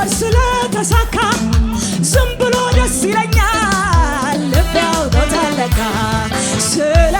ነገር ስለተሳካ ዝም ብሎ ደስ ይለኛል። ልብ ያውቆታል ለካ ስለ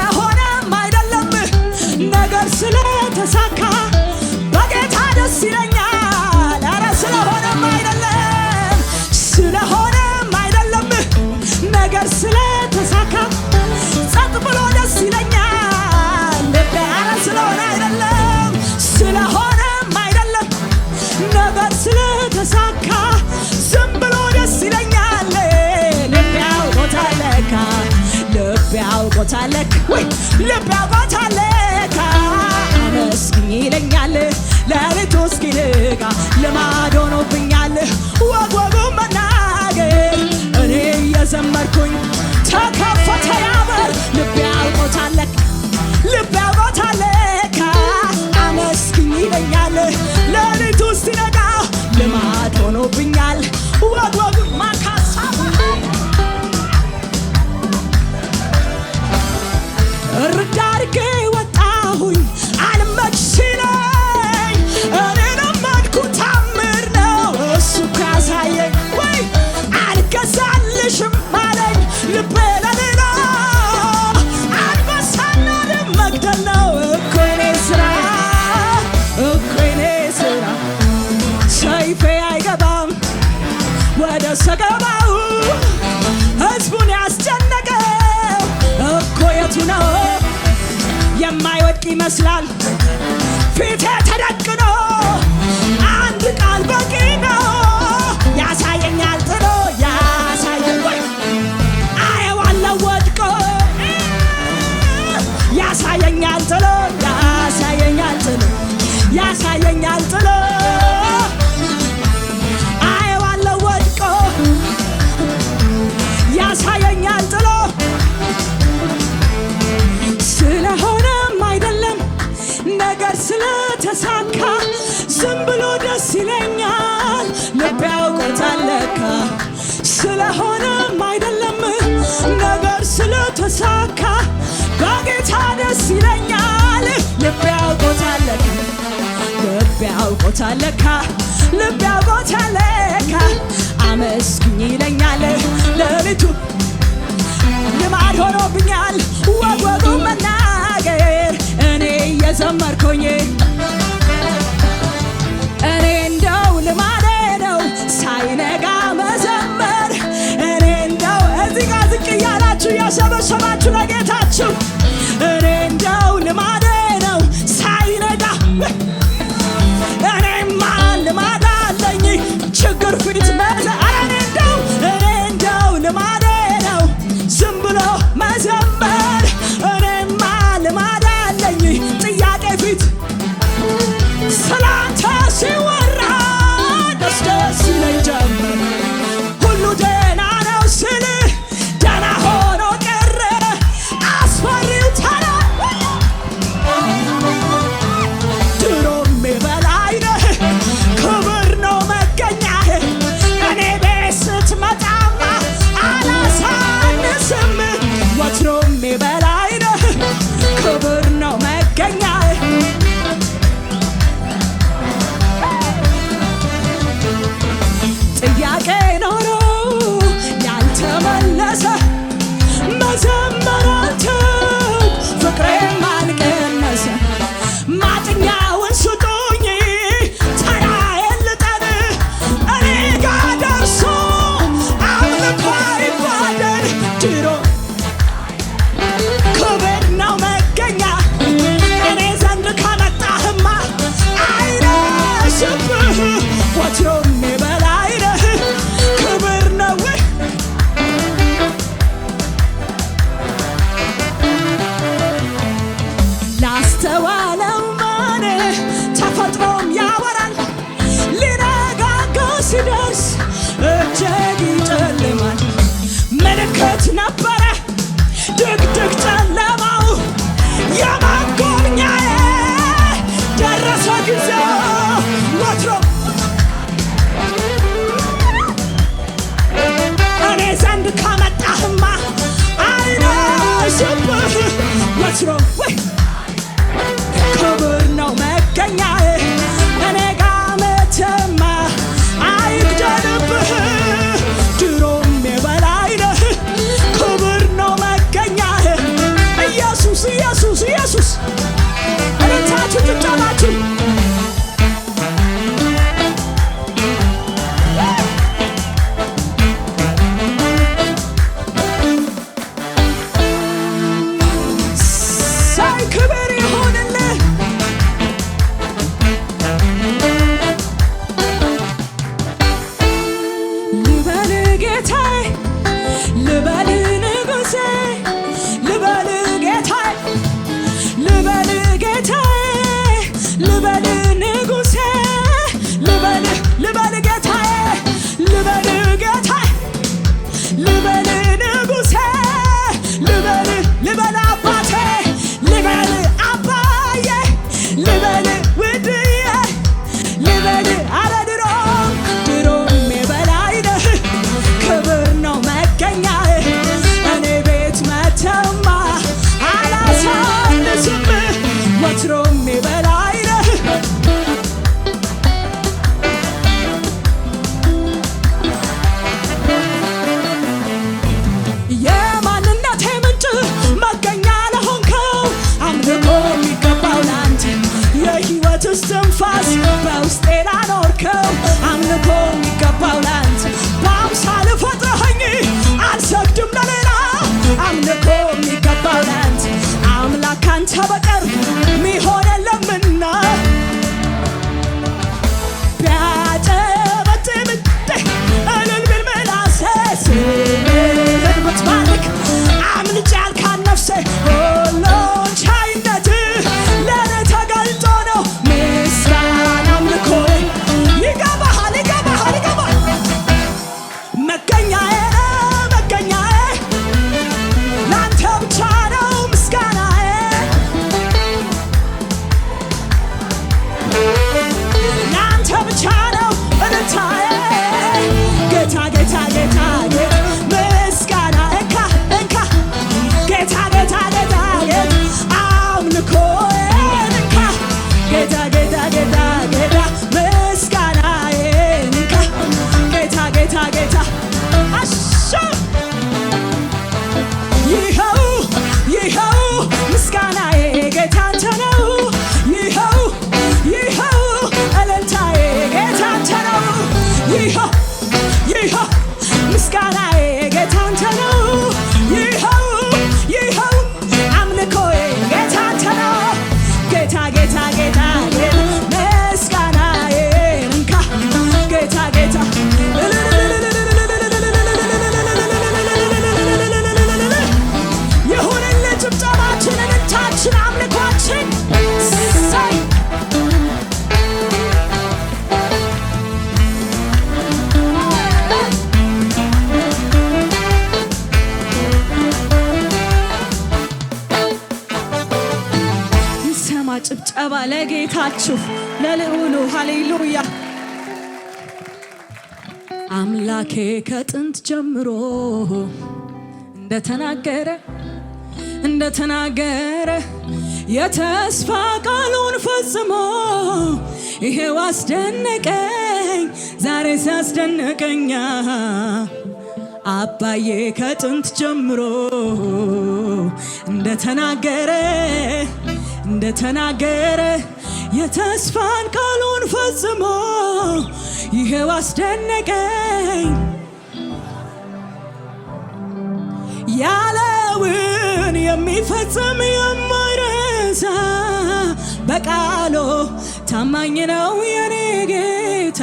ይመስላል ተሳካ። በጌታ ደስ ይለኛል። ልቤ ያውቆታል ለካ ልቤ ያውቆታል ለካ ልቤ ያውቆታል ለካ አመስግኝ ይለኛል። ለቤቱ ልማድ ሆኖብኛል ወግ መናገር እኔ እየዘመርኩኝ እኔ እንደው ልማዴ ነው ሳይነጋ ያሰበሰባችሁ ለጌታችሁ እኔ እንደው God's ጩኸታችሁ ለልዑሉ ሃሌሉያ። አምላኬ ከጥንት ጀምሮ እንደተናገረ እንደተናገረ የተስፋ ቃሉን ፈጽሞ ይሄው አስደነቀኝ ዛሬ ሲያስደነቀኛ አባዬ ከጥንት ጀምሮ እንደተናገረ እንደተናገረ የተስፋን ቃሉን ፈጽሞ ይሄው አስደነቀኝ ያለውን የሚፈጽም የማይረሳ በቃሎ ታማኝ ነው የኔ ጌታ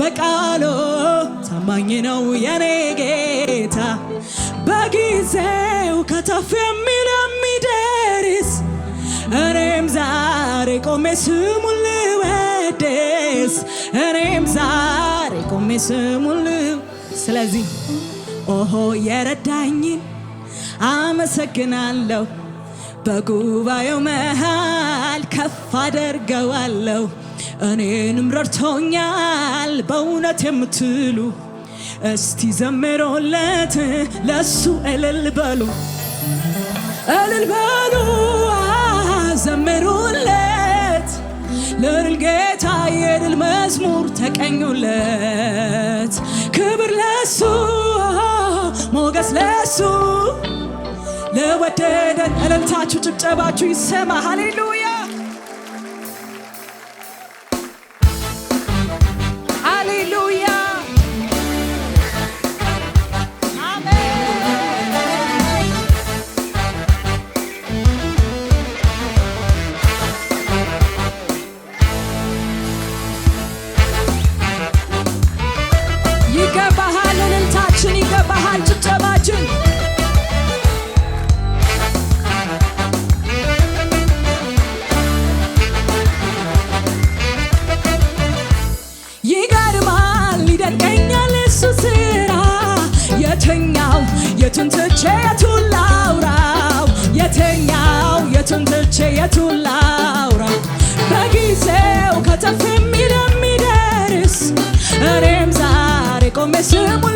በቃሎ ታማኝ ነው የኔ ጌታ በጊዜው ከተፍ የሚ እኔም ዛሬ ቆሜ ስሙን ልወድስ እኔም ዛሬ ቆሜ ስሙን ልው ስለዚህ ኦሆ የረዳኝን አመሰግናለሁ በጉባኤው መሃል ከፍ አደርገዋለሁ። እኔንም ረድቶኛል በእውነት የምትሉ እስቲ ዘምሮለት ለሱ እልል በሉ እልል በሉ ዘምሩለት ለልጌታ የድል መዝሙር ተቀኙለት። ክብር ለሱ ሞገስ ለሱ ለወደደን እልልታችሁ ጭብጨባችሁ ይሰማ ሃሌሉያ ይገባሃል፣ እልልታችን ይገባሃል፣ ጭብጨባችን ይገርማል። ይደንቀኛል እሱ ስራ የትኛው የቱን ትቼ የቱን ላውራው የተኛው የቱን ትቼ የቱን ላውራው በጊዜው ከተፍ የሚል የሚደርስ እኔም me siento